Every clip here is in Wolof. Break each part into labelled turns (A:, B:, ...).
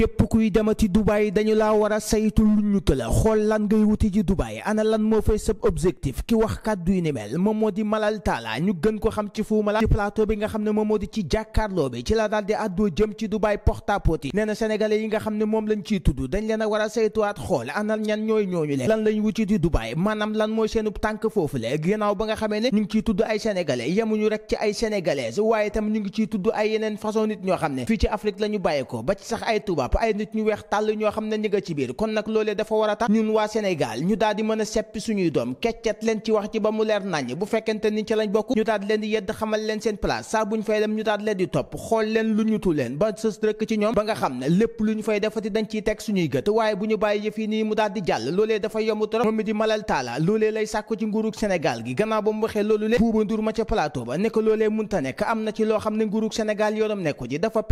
A: képp kuy demati Dubaay dañu laa war a saytu luñ ñu tëla xool lan ngay wuti ji Dubaay ana lan moo fay sab objectif ki wax kàddu yu ni mel moom moo di Malal Talla ñu gën ko xam ci Fou Malade ci plateau bi nga xam ne moom moo di ci jàkkaarloo bi ci la daal di àddoo jëm ci Dubaay porte à porte yi nee na sénégalais yi nga xam ne moom lañ ciy tudd dañ leen a war a saytuwaat xool ana ñan ñooy ñooñu leen lan lañ wuti di Dubaay maanaam lan mooy seenu tànk foofu le ginnaaw ba nga xamee ne ñu ngi ciy tudd ay sénégalais yemuñu rek ci ay sénégalaises waaye tam ñu ngi ciy tudd ay yeneen façon nit ñoo xam ne fii ci Afrique la ñu bàyyeekoo nopp ay nit ñu weex tàll ñoo xam ne ñi nga ci biir kon nag loolee dafa war a tax ñun waa Sénégal ñu daal di mën a seppi suñuy doom keccet leen ci wax ci ba mu leer nañ bu fekkente ni ci lañ bokk ñu daal leen di yedd xamal leen seen place saa buñ fay dem ñu daal leen di topp xool leen lu ñutu leen ba sës rëkk ci ñoom ba nga xam ne lépp lu ñu fay defati dañ ciy teg suñuy gët waaye bu ñu bàyyi yëf yi nii mu daal di jàll loole dafa yomb trop moom di malal taala loolee lay sàkku ci nguurug gi gannaaw ba mu waxee loolu lee buuba ndur ma ca plateau ba ne ko loolee munta nekk am na ci loo xam ne nguurug Sénégal yoonam nekku ji dafa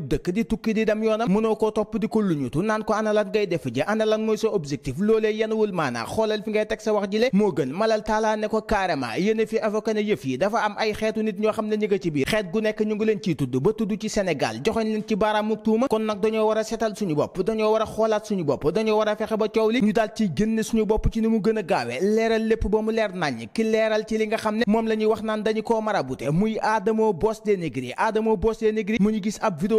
A: yorub di tukki di dem yoonam mënoo koo topp di ko luñutu naan ko ana ngay def ji ana mooy sa objectif loolee yenuwul maanaa xoolal fi ngay teg sa wax ji moo gën malal taalaa ne ko carrément yéene fi avocat ne yëf yi dafa am ay xeetu nit ñoo xam ne ñi ci biir xeet gu nekk ñu ngi leen ciy tudd ba tudd ci Sénégal joxoñ leen ci baaraamu tuuma kon nag dañoo war a setal suñu bopp dañoo war a xoolaat suñu bopp dañoo war a fexe ba coow li ñu daal ciy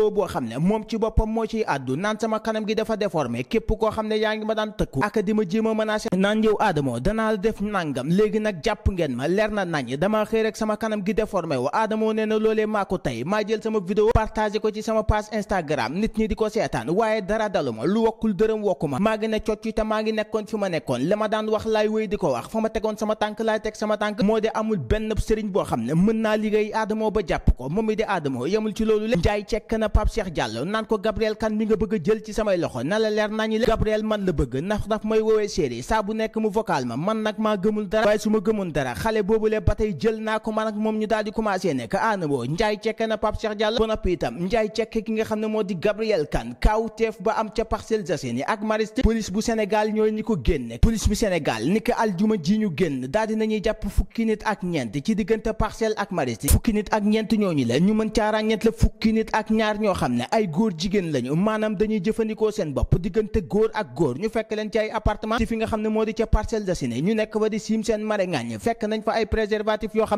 A: a boo xam ne moom ci boppam moo ciy àddu naan sama kanam gi dafa déformé képp koo xam ne yaa ngi ma daan tëkku ak di ma jéem a menacé naan yow Adamo danaa def nangam léegi nag jàpp ngeen ma leer na nañ dama xëy rek sama kanam gi déformé wu Adamo nee na loolee maa ko tey maa jël sama vidéo partagé ko ci sama page Instagram nit ñi di ko seetaan waaye dara dalu ma lu wokkul dërëm wokku ma maa ngi ne cocc te maa ngi nekkoon fi ma nekkoon li ma daan wax laay wéy di ma tegoon sama tànk laay teg sama tànk moo de amul boo xam ne mën naa liggéey Adamo ba jàpp ko moom Pape Cheikh Diallo naan ko Gabriel Kane mi nga bëgg a jël ci samay loxo na la leer nañu Gabriel man la bëgg ndax daf may woowee bu nekk mu vocal ma man nag maa ñu daal di njaay ah, cekke na Pape Cheikh Diallo ba noppi ak Mariste police bu Sénégal ñooy ñi ko génne police bu ni ko aljuma ji ñu génn daal ñeent ci fukki nit ak ñeent ñooñu la ñu mën caa ràññeent la fukki nit ak ñaar ñoo ñoo xam ne ay góor jigéen lañu maanaam dañuy jëfandikoo seen bopp diggante góor ak góor ñu fekk leen ci ay appartement ci fi nga xam ne moo di ca Parcelles Assainies ñu nekk ba di siim seen mare ngaañ fekk nañ fa ay préservatif yooyu nga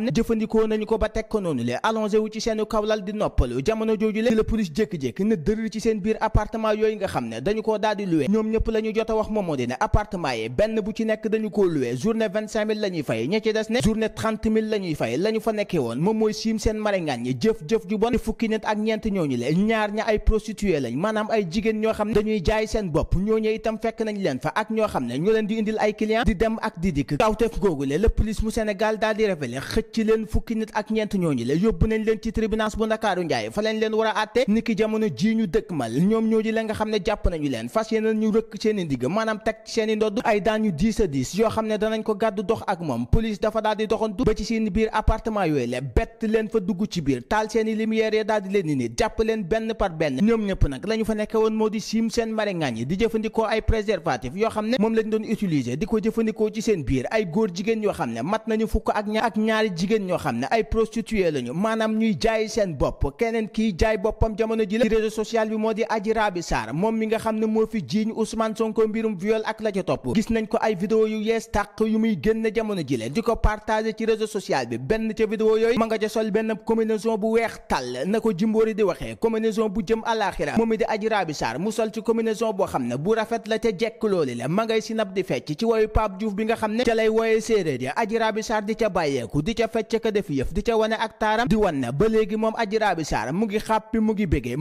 A: xam ne dañu koo daal luwe ñoom ñëpp la jot a wax moom di ne appartement yi benn bu ci nekk dañu koo luwe journée vingt cinq mille la ñuy fay ña ci ne journée mille la ñuy fay fa nekkee woon moom mooy ñaar ña ay prostituée lañ maanaam ay jigéen ñoo xam ne dañuy jaay seen bopp ñooñu itam fekk nañu leen fas yéene ñu rëkk seen i ndigg teg ci seen i ay daan yu diis a diis yoo xam ne danañ ko gàddu dox ak moom police dafa daal doxantu ba ci seen biir appartement yooyu la bett leen fa dugg ci biir taal seen i lumière ya leen ni jàpp leen benn par benn ñoom ñëpp nag la ñu fa nekk woon moo di siim seen mare ngaañ di jëfandikoo ay préservatif yoo xam ne moom lañ doon utiliser di ko jëfandikoo ci seen biir ay góor jigéen yoo xam ne mat nañu fukk ak ñaari jigéen ñoo xam ne ay prostituée lañu maanaam ñuy jaay seen bopp keneen kiy jaay boppam jamono ji la ci réseau social bi moo di Adji Raby Sarr moom mi nga xam ne moo fi jiiñ Ousmane Sonko mbirum viol ak la ca topp gis nañ ko ay vidéo yu yees tàq yu muy génn jamono ji la di ko partagé ci réseau social bi benn ca vidéo yooyu ma nga ca benn combinaison bu weex tàll na ko jimboori di combinaison bu jëm mu boo xam ne bu rafet la te jekk loolu la ma ngay si nab di fecc ci woyu di ca bàyyeeku di ca fecc ka def yëf di ca wane ak taaram di wan ne ba léegi moom aji mu ngi xàppi mu ngi bégee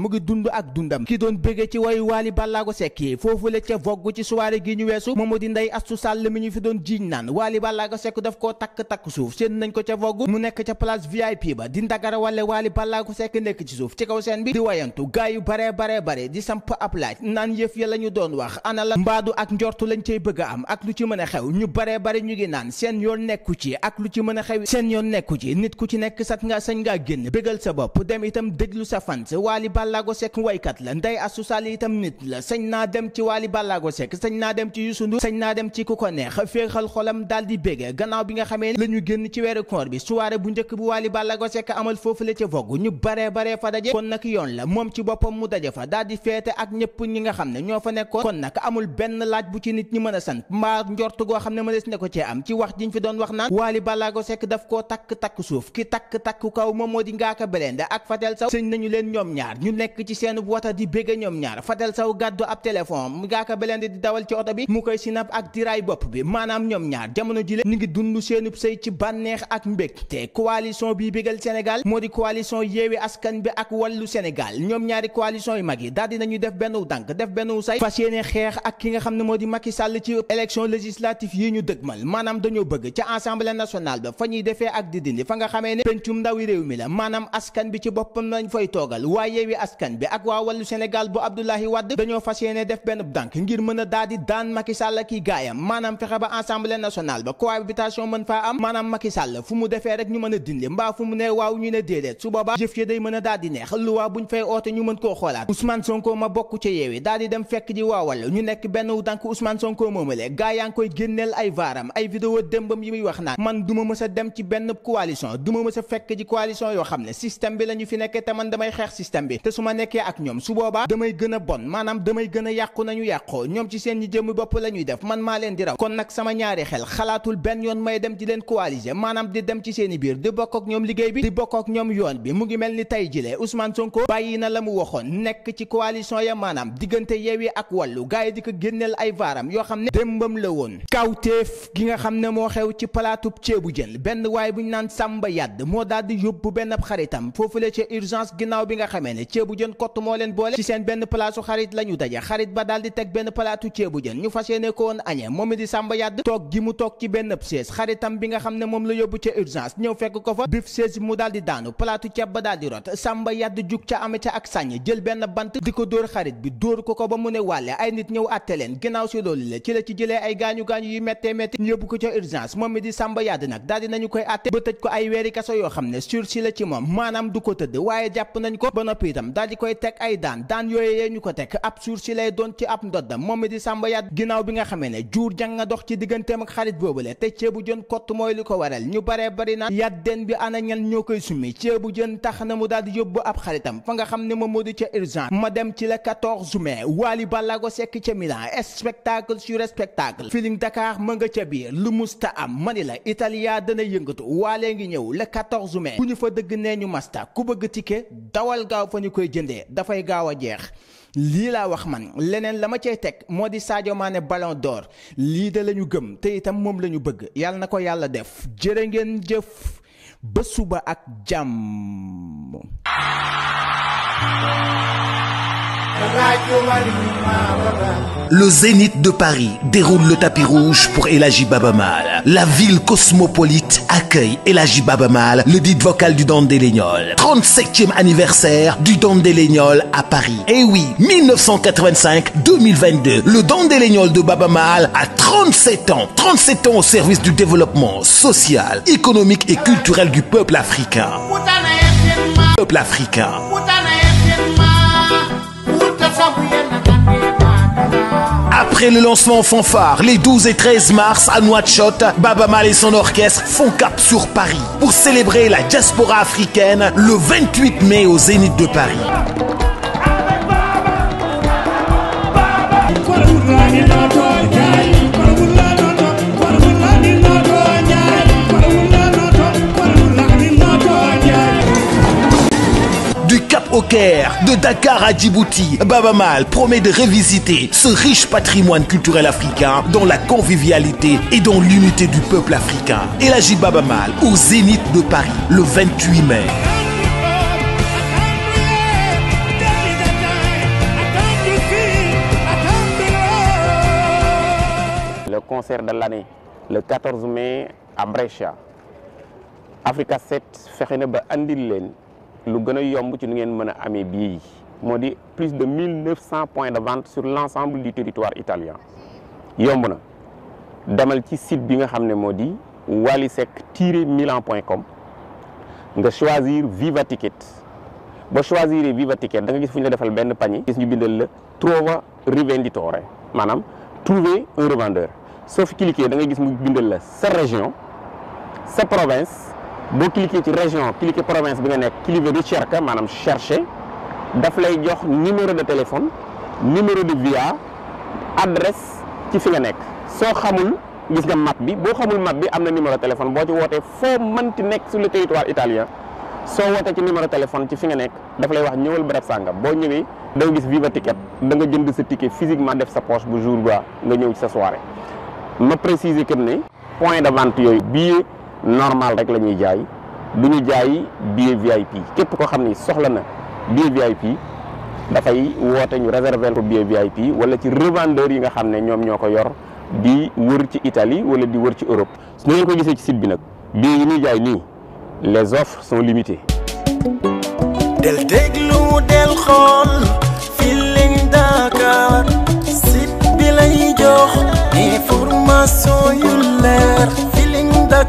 A: ki doon bégee ci woyu Waly Ballago Seck yi foofu la ca vogg ci soirée gi ñu weesu moomu di Ndeye Astou Sall mi ñu fi doon jiiñ naan Waly Ballago Seck daf koo takk-takk suuf seen nañ ko ca mu nekk ca place VIP ba di ndagara wale Waly Ballago Seck nekk ci suuf ci kaw seen bi jooyantu gaa yu bare bare bare di samp ab laaj naan yëf ya la ñu doon wax ana la mbaadu ak njortu lañ cay bëgg a am ak lu ci mën a xew ñu bare bare ñu ngi naan seen yoon nekku ci ak lu ci mën a xew seen yoon nekku ci nit ku ci nekk sax nga sañ ngaa génn bégal sa bopp dem itam déglu sa fans Wally Ballago Seck waykat la Ndeye Astou Sall itam nit la sañ naa dem ci Wally Ballago Seck sañ naa dem ci Youssou Ndour sañ naa dem ci ku ko neex féexal xolam daal di bége gannaaw bi nga xamee la ñu génn ci weeru yoon la moom ci boppam mu daje fa daal di feete ak ñëpp ñi nga xam ne ñoo fa nekkoon kon nag amul benn laaj bu ci nit ñi mën a sant mbaa njort goo xam ne mënees na ko cee am ci wax jiñ fi doon wax naan Waly Balago sekk daf koo takk takk suuf ki takk takk kaw moom moo di Ngaaka Blindé ak Fatel Sow sëñ nañu leen ñoom ñaar ñu nekk ci seen wata di bégg ñoom ñaar Fatel Sow gàddu ab téléphone Ngaaka Blindé di dawal ci oto bi mu koy sinap ak diraay bopp bi maanaam ñoom ñaar jamono ji le ñu ngi dund seenub sëy ci bànneex ak mbégte coalition bi bégal Sénégal moo di coalition Yewwi Askan Wi ak Wallu Sénégal Sénégal ñoom ñaari coalition yu mag yi daal nañu def benn dànk def benn say fas yéene xeex ak ki nga xam ne moo di Macky Sall ci élection législative yi ñu dëgmal maanaam ba la maanaam askan bi ci boppam lañ fay toogal waa yeewi askan bi ak waa wàllu Sénégal bu Abdoulaye Wade dañoo fas yéene def benn dànk ngir mën a daal di daan Macky Sall gaayam maanaam fexe ba assemblée nationale ba cohabitation mën faa am maanaam Macky Sall fu mu defee rek ñu mën a dindi mbaa fu mu a fay oote ñu mën koo xoolaat Ousmane Sonko ma bokk ca yeewi daal di dem fekk ji waa Wallu ñu nekk benn wu tànk Ousmane Sonko moomale gaa yaa ngi koy génneel ay vaaram ay vidéo démbam yi muy wax naa man du ma mës a dem ci benn coalition du ma mës a fekk ji coalition yoo xam ne système bi la ñu fi nekkee te man damay xeex système bi te su ma nekkee ak ñoom su boobaa damay gën a bon maanaam damay gën a yàqu nañu yàqoo ñoom ci seen ñi jëmmi bopp la ñuy def man maa leen di raw kon nag sama ñaari xel xalaatul benn may dem di leen coaliser maanaam di dem ci seen i biir di bokk ak ñoom liggéey bi di bokk ak ñoom yoon bi mu ngi mel ni tey jilee bàyyi na la mu waxoon nekk ci coalition ya maanaam diggante yeewi ak wàllu gars di ko génneel ay vaaram yoo xam ne démbam la woon kawteef gi nga xam ne moo xew ci palaatub ceebu jën benn waay bu ñu naan sàmba yàdd moo daal di yóbbu benn xaritam foofu la ca urgence ginnaaw bi nga xamee ne ceebu jën kott moo leen boole ci seen benn palaasu xarit la ñu daje xarit ba daal teg benn palaatu ceebu jën ñu fas yéene ko woon añee moom it di sàmba yàdd toog gi mu toog ci benn chaise bi nga xam ne moom la yóbbu ca urgence ñëw fekk ko fa bif chaise palaatu ceeb ba daal ame ca ak sàññ jël benn ba mu ne wàlle ay nit ñëw àtte leen moom mi di sàmba yadd nag daal nañu koy àtte ba tëj ko ay weeri kaso yoo xam ne sursis la ci moom maanaam du ko tëdd waaye jàpp nañ ko ba noppi itam koy teg ay daan daan yooyu yee ñu ko teg ab sursis lay doon ci ab ndoddam moom mi di sàmba yadd ginnaaw bi nga xamee ne juur jàng nga dox ci digganteem ak xarit boobule te ceebu jën kott mooy li ko waral ñu baree bari naan yàddeen bi ana ñoo koy summi ceebu jën tax na mu daal yóbbu ab nga xam ne moom moo ca urgence ma dem ci le 14 mai Wally Ballago Seck ca Milan spectacle sur spectacle Feeling Dakar ma nga ca biir lu musta am mani la Italia dana yëngatu waalee ngi ñëw le 14 mai ku ñu fa dëgg nee ñu masta ku bëgg ticket dawal gaaw fa ñu koy jëndee dafay gaaw a jeex lii laa wax man leneen la ma cay teg moo di Sadio Mané Ballon d'Or lii de lañu gëm te itam moom la ñu bëgg yàlla na ko yàlla def jërë ngeen jëf ba
B: ak jàmm Le Zénith de Paris déroule le tapis rouge pour El Hadji Baba Maal. La ville cosmopolite accueille El Hadji Baba Maal, le dit vocal du Dandé Légnol. 37e anniversaire du Dandé Légnol à Paris. Et eh oui, 1985-2022, le Dandé Légnol de Baba Maal a 37 ans. 37 service du développement social, économique et culturel du peuple africain. Après le lancement en fanfare, les 12 et mars à Nouakchott, Baba Maal et son orchestre font cap sur Paris pour célébrer la diaspora africaine le mai au Zénith de Paris. au Caire, de Dakar à Djibouti, Baba de revisiter ce riche patrimoine culturel africain dans la convivialité et dans l'unité du peuple africain. de Paris le
C: Le concert de l'année le fexe na ba andil leen lu gën a yomb ci nu ngeen mën a amee bii moo di plus de mille neuf cent points de vente sur l' ensemble du territoire italien yomb na demal ci site bi nga xam ne moo di walisec-milan.com nga choisir Viva Ticket ba choisir Viva Ticket da nga gis fu ñu la defal benn panier gis ñu bindal la trova rivenditore maanaam trouver un revendeur soo fi cliquer da nga gis mu bindal la sa région sa province boo cliquer ci région cliquer province bi nga nekk cliquer recherche maanaam chercher daf lay jox numéro de téléphone numéro de via adresse ci fi nga nekk soo xamul gis nga map bi boo xamul map bi am na numéro téléphone boo ci wootee foo mënti nekk sur le territoire italien soo wootee ci numéro téléphone ci fi nga nekk dafa lay wax ñëwal barab sàngam boo ñëwee da gis gis Viva ticket da nga jënd sa ticket physiquement def sa poche bu jour ba nga ñëw ci sa soirée ma préciser que ne point de vente yooyu normal rek la ñuy jaay du ñu jaay billet VIP képp koo xam ni soxla na billet VIP dafay woote ñu réserver ko billet VIP wala ci revendeur yi nga xam ne ñoom ñoo ko yor di wër ci Italie wala di wër ci Europe. su ngeen ko gisee ci site bi nag bi yi ñuy jaay nii les offres sont limitées. del déglu del xool
A: Feeling Dakar site bi lay jox information yu